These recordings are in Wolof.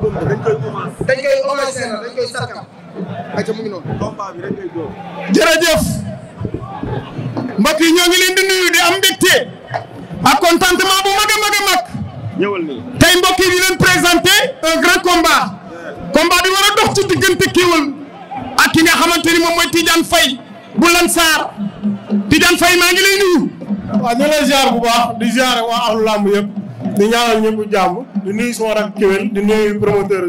boobu dañ koy commencé. dañ koy yi ñoo ngi leen di nuyu di am mbégte ak contentement bu mag a mag ñëwal nii tey mbokk yi di leen présenter un grand combat. combat bi war a dox ci diggante Kéweul ak ki nga xamante ni moom mooy Tidiane Faye bu Lansar Tidiane Faye maa ngi lay nuyu. waaw ñu lay ziar bu baax di ziar waa ahlu làmb yëpp di ñaanal ñëpp jàmm. di nuyu sama rak kéwél di nuyu promoteur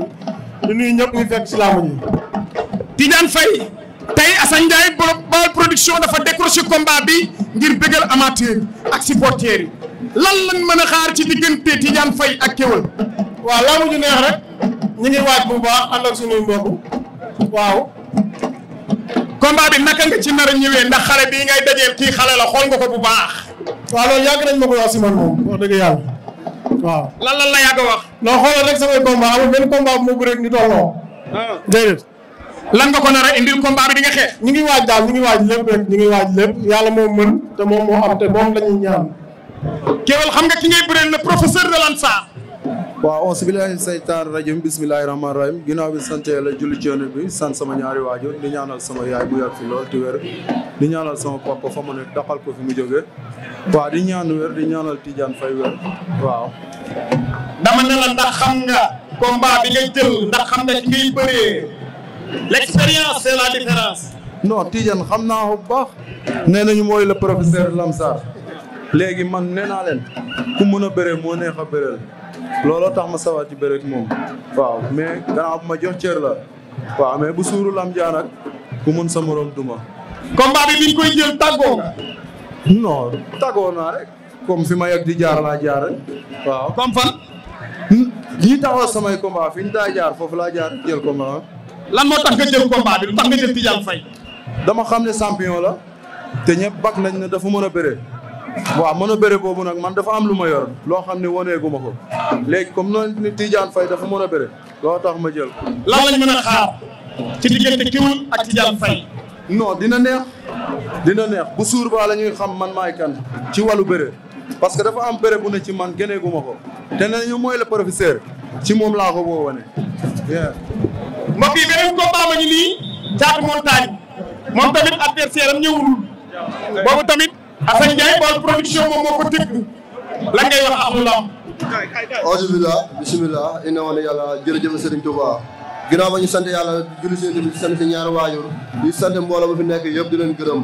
di nuyu ñëpp ñu fekk si laamu ji. Tidiane Faye tey Assane Ndiaye production dafa décroché combat bi ngir bëggal amateur ak supporters yi lan lañ mën a xaar ci diggante Tidiane Faye ak kéwél. waaw laamu ju neex rek ñu ngi waaj bu baax ànd ak suñuy mbokk waaw. combat bi naka nga ci nar a ñëwee ndax xale bii ngay dajeel kii xale la xool nga ko bu baax. waaw loolu yàgg nañ ma ko wax si man moom wax dëgg yàlla. waaw lan lan la yàgg a wax. non xoolal rek samay combat amul benn combat bu ma bu rek ñu tolloo. Ah. déedéet. lan nga ko nar a indil combat bi di nga xeex. ñu ngi waaj daal ñu ngi waaj lépp rek ñu ngi waaj lépp yàlla moo mën te moom moo am te moom la ñuy ñaan. Keweul xam nga ki ngay bëreel na professeur de Lansar. waaw on sibilahi saytaan rajim bismillahi rahmaani rahim ginnaaw bi sant yàlla julli ci yonent bi sant sama ñaari waajur di ñaanal sama yaay bu yàgg fi lool te wér di ñaanal sama papa fa mu ne taxal ko fi mu jógee waaw di ñaan wér di ñaanal Tidiane Faye wér waaw. dama ne la ndax xam nga combat bi nga jël ndax xam nga ci ngay bëree l'expérience c'est la différence. non Tidiane xam naa ko baax nee nañu mooy le professeur Lamsar léegi man nee naa leen ku mën a bëree moo neex a bëreel looloo tax ma sawar ci bëreeg moom waaw mais gannaaw bu ma jox cër la waaw mais bu suuru lam jaan ak ku mën sa morom duma. combat bi ni koy jël tàggoo nga. non tàggoo naa rek comme fi ma yegg di jaar laa jaar rek waaw. comme fan. ñi taxaw samay combat fi ñu daa jaar foofu laa jaar jël combat. lan moo tax nga jël combat bi lu tax nga dama xam ne champion la. te ñëpp bak nañ ne dafa mën a bëre. waaw mën a bëre boobu nag man dafa am lu ma yor loo xam ne waneegu ma ko léegi comme noonu ni Tidiane dafa mën a bëre loo tax ma jël. lan lañ mën a xaar ci diggante Keweul ak Tidiane Faye. non dina neex. dina neex bu suur ba la ñuy xam man maay kan ci wàllu bëre parce que dafa am bëre bu ne ci man génneegu ma ko te nee nañu mooy le professeur ci moom laa ko boo wane mbokk yi beneen combat ma ngi nii caatu montagne moom tamit adversaire am ñëwul boobu tamit a Ndiaye bool production moom moo ko tëgg lan ngay wax axlu lam auzu billah bismillah inna wa yàlla jërëjëf Serigne Touba ginnaaw ba ñu sant yàlla julli seen bi di sant ñaari waajur di sant mbooloo bu fi nekk yëpp di leen gërëm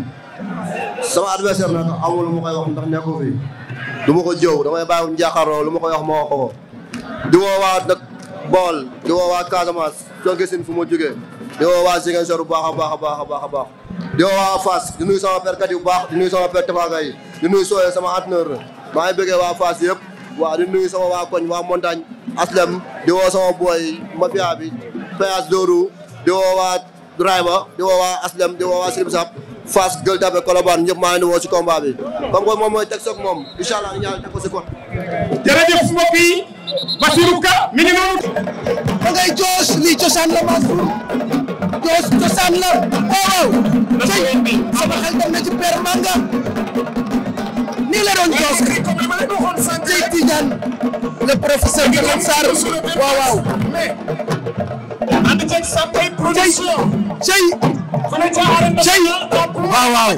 sama adversaire nag amul lu ma koy wax ndax nekku fi du ma ko jëw damay bàyyi njaaxaaroo lu ma koy wax ma wax ko di woo waa nag Bawol di woo waa Casamance conke sin fu ma jógee di woo waa Ziguinchor bu baax a baax a baax a baax a baax di woo waa Fass di nuyu sama perkat yu baax di nuyu sama per tafaaga yi di nuyu sooyee sama entraîneur maa ngi bëggee waa Fass yëpp waa di nuyu sama waa koñ waa montagne aslem di woo sama booy mafia bi péage Dóoru di woo waa Rayba di woo Aslem di woo waa Sirim Sap Fass Gueule Tapée Colobane ñëpp maa ngi woo si combat bi comme moom mooy teg soog moom incha allah ñaan teg ko si kon. jërëjëf mbokk yi Bassirou Ka mi ngi noonu. da ngay joos lii cosaan la Mansour joos cosaan la waaw waaw. tey sama xel dem na ci le professeur de Lansar waaw waaw. nekk ceeg Sampaye production. cey cey waaw waaw.